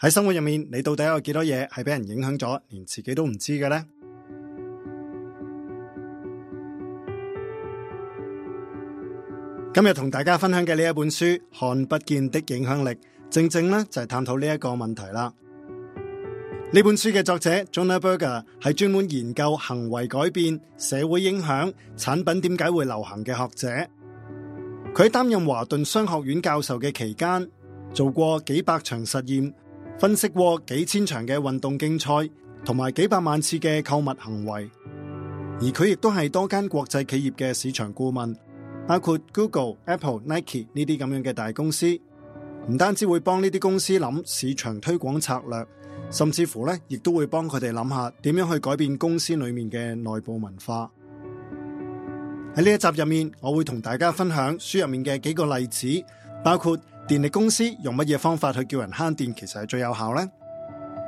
喺生活入面，你到底有幾多嘢係俾人影響咗，連自己都唔知嘅呢？今日同大家分享嘅呢一本書《看不見的影響力》，正正咧就係探討呢一個問題啦。呢本書嘅作者 Jonah Berger 係專門研究行為改變、社會影響、產品點解會流行嘅學者。佢喺擔任華頓商學院教授嘅期間，做過幾百場實驗。分析過幾千場嘅運動競賽，同埋幾百萬次嘅購物行為，而佢亦都係多間國際企業嘅市場顧問，包括 Google、Apple、Nike 呢啲咁樣嘅大公司。唔單止會幫呢啲公司諗市場推廣策略，甚至乎咧，亦都會幫佢哋諗下點樣去改變公司裏面嘅內部文化。喺呢一集入面，我會同大家分享書入面嘅幾個例子，包括，電力公司用乜嘢方法去叫人慳電，其實係最有效呢？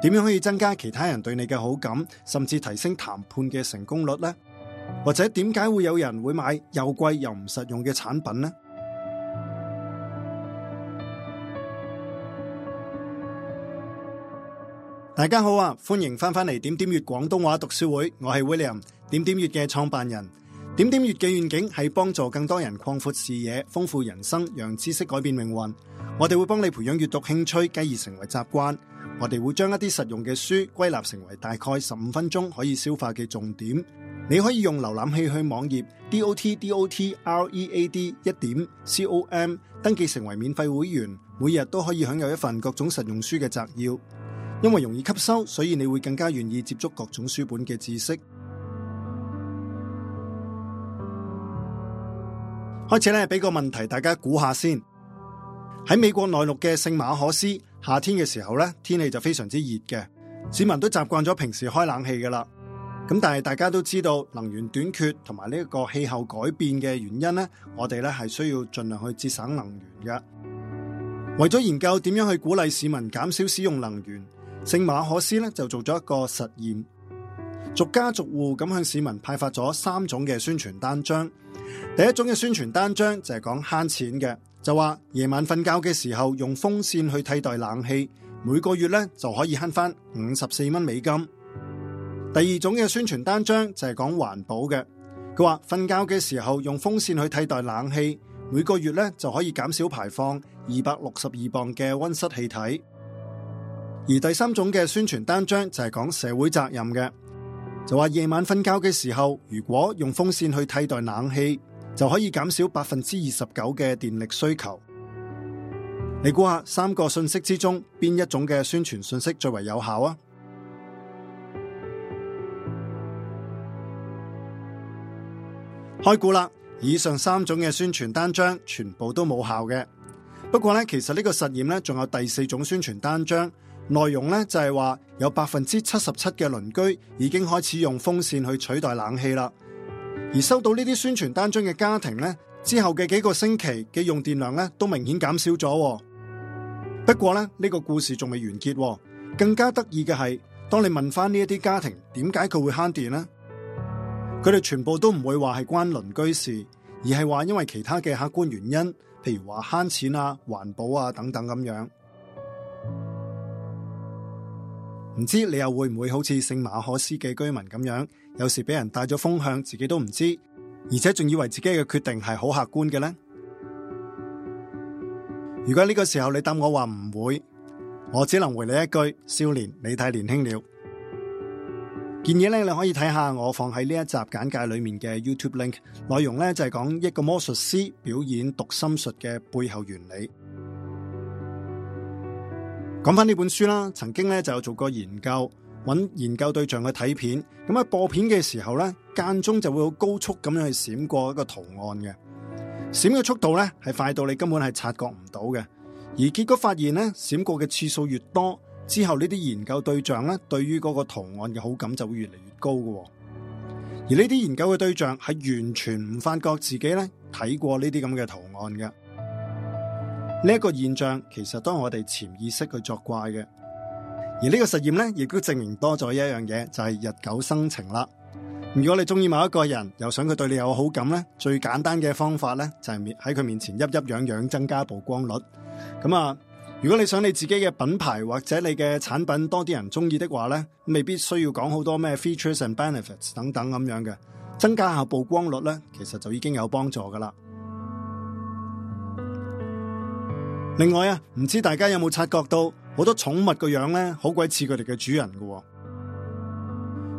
點樣可以增加其他人對你嘅好感，甚至提升談判嘅成功率呢？或者點解會有人會買又貴又唔實用嘅產品呢？大家好啊，歡迎翻返嚟點點粵廣東話讀書會，我係 William，點點閱嘅創辦人。點點閱嘅願景係幫助更多人擴闊視野、豐富人生，讓知識改變命運。我哋會幫你培養閱讀興趣，繼而成為習慣。我哋會將一啲實用嘅書歸納成為大概十五分鐘可以消化嘅重點。你可以用瀏覽器去網頁 dot dot read 一點 com 登記成為免費會員，每日都可以享有一份各種實用書嘅摘要。因為容易吸收，所以你會更加願意接觸各種書本嘅知識。開始咧，俾個問題大家估下先。喺美國內陸嘅聖馬可斯，夏天嘅時候咧，天氣就非常之熱嘅，市民都習慣咗平時開冷氣㗎喇。咁但係大家都知道能源短缺同埋呢個氣候改變嘅原因咧，我哋咧係需要盡量去節省能源嘅。為咗研究點樣去鼓勵市民減少使用能源，聖馬可斯咧就做咗一個實驗，逐家逐戶咁向市民派發咗三種嘅宣傳單張。第一種嘅宣傳單張就係講慳錢嘅。就話夜晚瞓覺嘅時候用風扇去替代冷氣，每個月咧就可以慳翻五十四蚊美金。第二種嘅宣傳單張就係講環保嘅，佢話瞓覺嘅時候用風扇去替代冷氣，每個月咧就可以減少排放二百六十二磅嘅溫室氣體。而第三種嘅宣傳單張就係講社會責任嘅，就話夜晚瞓覺嘅時候如果用風扇去替代冷氣。就可以減少百分之二十九嘅電力需求。你估下三個信息之中，邊一種嘅宣傳信息最為有效啊？開估啦！以上三種嘅宣傳單張全部都冇效嘅。不過咧，其實呢個實驗咧仲有第四種宣傳單張，內容咧就係話有百分之七十七嘅鄰居已經開始用風扇去取代冷氣啦。而收到呢啲宣傳單張嘅家庭呢，之後嘅幾個星期嘅用電量呢，都明顯減少咗。不過呢，呢個故事仲未完結。更加得意嘅係，當你問翻呢一啲家庭點解佢會慳電呢？佢哋全部都唔會話係關鄰居事，而係話因為其他嘅客觀原因，譬如話慳錢啊、環保啊等等咁樣。唔知你又會唔會好似聖馬可斯嘅居民咁樣，有時俾人帶咗風向，自己都唔知，而且仲以為自己嘅決定係好客觀嘅呢？如果呢個時候你答我話唔會，我只能回你一句：少年，你太年輕了。建議咧，你可以睇下我放喺呢一集簡介裏面嘅 YouTube link，內容咧就係講一個魔術師表演讀心術嘅背後原理。講翻呢本書啦，曾經咧就有做過研究，揾研究對象去睇片，咁喺播片嘅時候咧，間中就會好高速咁樣去閃過一個圖案嘅，閃嘅速度咧係快到你根本係察覺唔到嘅，而結果發現咧，閃過嘅次數越多，之後呢啲研究對象咧，對於嗰個圖案嘅好感就會越嚟越高嘅，而呢啲研究嘅對象係完全唔發覺自己咧睇過呢啲咁嘅圖案嘅。呢一個現象其實都係我哋潛意識去作怪嘅，而呢個實驗呢亦都證明多咗一樣嘢，就係日久生情啦。如果你中意某一個人，又想佢對你有好感呢，最簡單嘅方法呢，就係喺佢面前，一一樣樣增加曝光率。咁啊，如果你想你自己嘅品牌或者你嘅產品多啲人中意的話呢，未必需要講好多咩 features and benefits 等等咁樣嘅，增加下曝光率呢，其實就已經有幫助噶啦。另外啊，唔知大家有冇察覺到，好多寵物個樣咧，好鬼似佢哋嘅主人噶。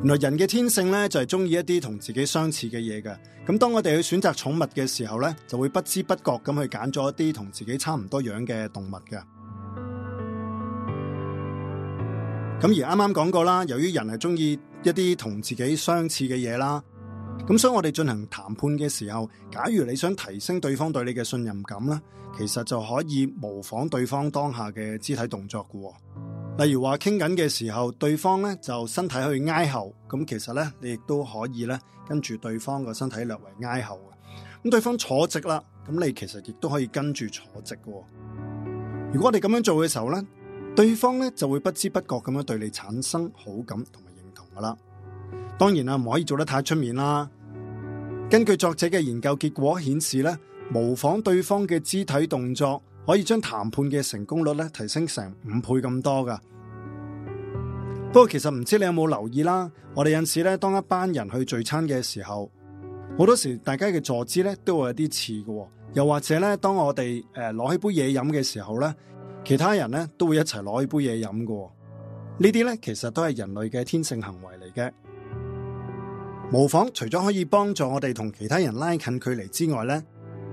原來人嘅天性咧，就係中意一啲同自己相似嘅嘢嘅。咁當我哋去選擇寵物嘅時候咧，就會不知不覺咁去揀咗一啲同自己差唔多樣嘅動物嘅。咁而啱啱講過啦，由於人係中意一啲同自己相似嘅嘢啦。咁所以我哋進行談判嘅時候，假如你想提升對方對你嘅信任感啦，其實就可以模仿對方當下嘅肢體動作嘅。例如話傾緊嘅時候，對方咧就身體去挨後，咁其實咧你亦都可以咧跟住對方個身體略為挨後嘅。咁對方坐直啦，咁你其實亦都可以跟住坐直嘅。如果我哋咁樣做嘅時候咧，對方咧就會不知不覺咁樣對你產生好感同埋認同噶啦。當然啦，唔可以做得太出面啦。根據作者嘅研究結果顯示咧，模仿對方嘅肢體動作，可以將談判嘅成功率咧提升成五倍咁多噶。不過其實唔知你有冇留意啦，我哋有陣時咧，當一班人去聚餐嘅時候，好多時大家嘅坐姿咧都會有啲似嘅，又或者咧，當我哋誒攞起杯嘢飲嘅時候咧，其他人咧都會一齊攞起杯嘢飲嘅。這些呢啲咧其實都係人類嘅天性行為嚟嘅。模仿除咗可以幫助我哋同其他人拉近距離之外咧，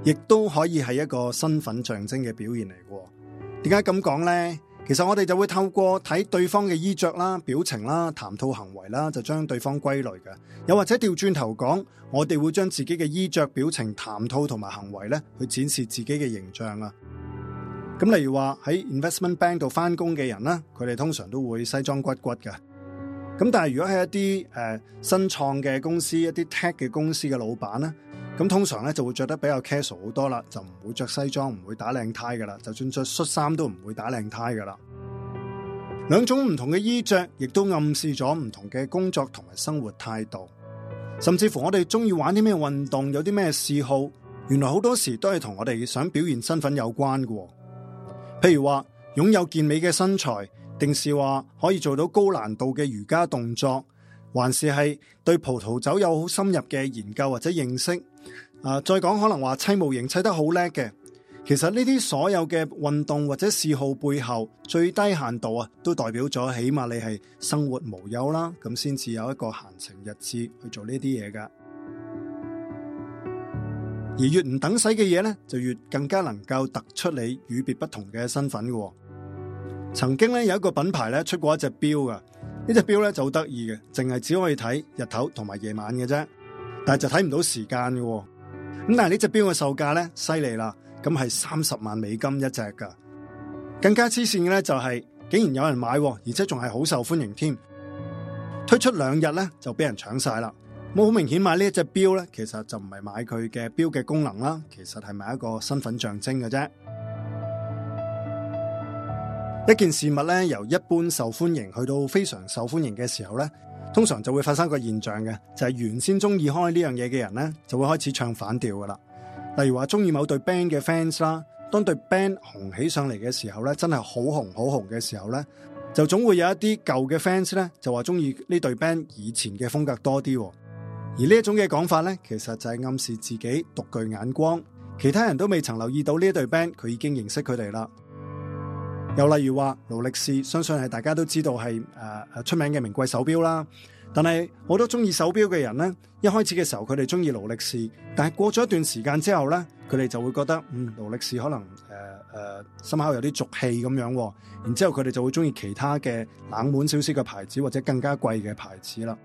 亦都可以係一個身份象徵嘅表現嚟嘅。點解咁講呢？其實我哋就會透過睇對方嘅衣着啦、表情啦、談吐行為啦，就將對方歸類嘅。又或者調轉頭講，我哋會將自己嘅衣着、表情、談吐同埋行為咧，去展示自己嘅形象啊。咁例如話喺 investment bank 度返工嘅人啦，佢哋通常都會西裝骨骨嘅。咁但係如果係一啲誒、呃、新創嘅公司，一啲 tech 嘅公司嘅老闆呢，咁通常呢就會着得比較 casual 好多啦，就唔會着西裝，唔會打領呔㗎喇。就算着恤衫都唔會打領呔㗎喇。兩種唔同嘅衣着，亦都暗示咗唔同嘅工作同埋生活態度，甚至乎我哋中意玩啲咩運動，有啲咩嗜好，原來好多時都係同我哋想表現身份有關嘅。譬如話擁有健美嘅身材。定是話可以做到高難度嘅瑜伽動作，還是係對葡萄酒有好深入嘅研究或者認識？啊、呃，再講可能話砌模型砌得好叻嘅，其實呢啲所有嘅運動或者嗜好背後，最低限度啊，都代表咗起碼你係生活無憂啦，咁先至有一個閒情逸致去做呢啲嘢噶。而越唔等使嘅嘢呢，就越更加能夠突出你與別不同嘅身份噶、啊。曾經咧有一個品牌咧出過一隻表噶，呢隻錶咧就好得意嘅，淨係只可以睇日頭同埋夜晚嘅啫，但係就睇唔到時間嘅。咁但係呢隻錶嘅售價咧犀利啦，咁係三十萬美金一隻噶。更加黐線嘅咧就係，竟然有人買，而且仲係好受歡迎添。推出兩日咧就俾人搶晒啦。咁好明顯買呢一隻錶咧，其實就唔係買佢嘅錶嘅功能啦，其實係買一個身份象徵嘅啫。一件事物咧由一般受歡迎去到非常受歡迎嘅時候咧，通常就會發生個現象嘅，就係原先中意開呢樣嘢嘅人咧，就會開始唱反調噶啦。例如話中意某對 band 嘅 fans 啦，當對 band 紅起上嚟嘅時候咧，真係好紅好紅嘅時候咧，就總會有一啲舊嘅 fans 咧，就話中意呢對 band 以前嘅風格多啲。而呢一種嘅講法咧，其實就係暗示自己獨具眼光，其他人都未曾留意到呢對 band，佢已經認識佢哋啦。又例如話勞力士，相信係大家都知道係誒誒出名嘅名貴手表啦。但係好多中意手表嘅人呢，一開始嘅時候佢哋中意勞力士，但係過咗一段時間之後呢，佢哋就會覺得嗯勞力士可能誒誒，心、呃、口、呃、有啲俗氣咁樣，然之後佢哋就會中意其他嘅冷門少少嘅牌子或者更加貴嘅牌子啦。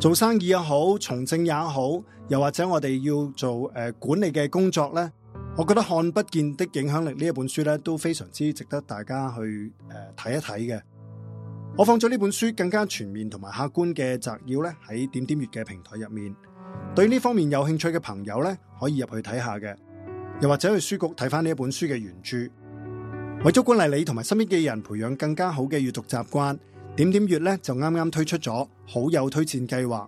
做生意也好，從政也好，又或者我哋要做誒、呃、管理嘅工作呢。我覺得《看不見的影響力》呢一本書咧都非常之值得大家去誒睇、呃、一睇嘅。我放咗呢本書更加全面同埋客觀嘅摘要咧喺點點閱嘅平台入面，對呢方面有興趣嘅朋友咧可以入去睇下嘅，又或者去書局睇翻呢一本書嘅原著。為咗鼓勵你同埋身邊嘅人培養更加好嘅閱讀習慣，點點閱咧就啱啱推出咗好友推薦計劃。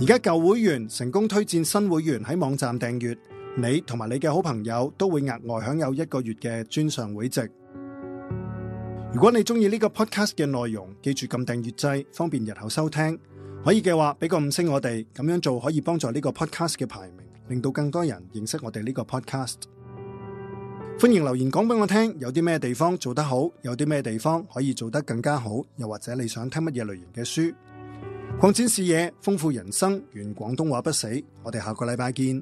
而家舊會員成功推薦新會員喺網站訂閱。你同埋你嘅好朋友都會額外享有一個月嘅專上會籍。如果你中意呢個 podcast 嘅內容，記住撳訂閱掣，方便日後收聽。可以嘅話，俾個五星我哋，咁樣做可以幫助呢個 podcast 嘅排名，令到更多人認識我哋呢個 podcast。歡迎留言講俾我聽，有啲咩地方做得好，有啲咩地方可以做得更加好，又或者你想聽乜嘢類型嘅書，擴展視野，豐富人生，願廣東話不死。我哋下個禮拜見。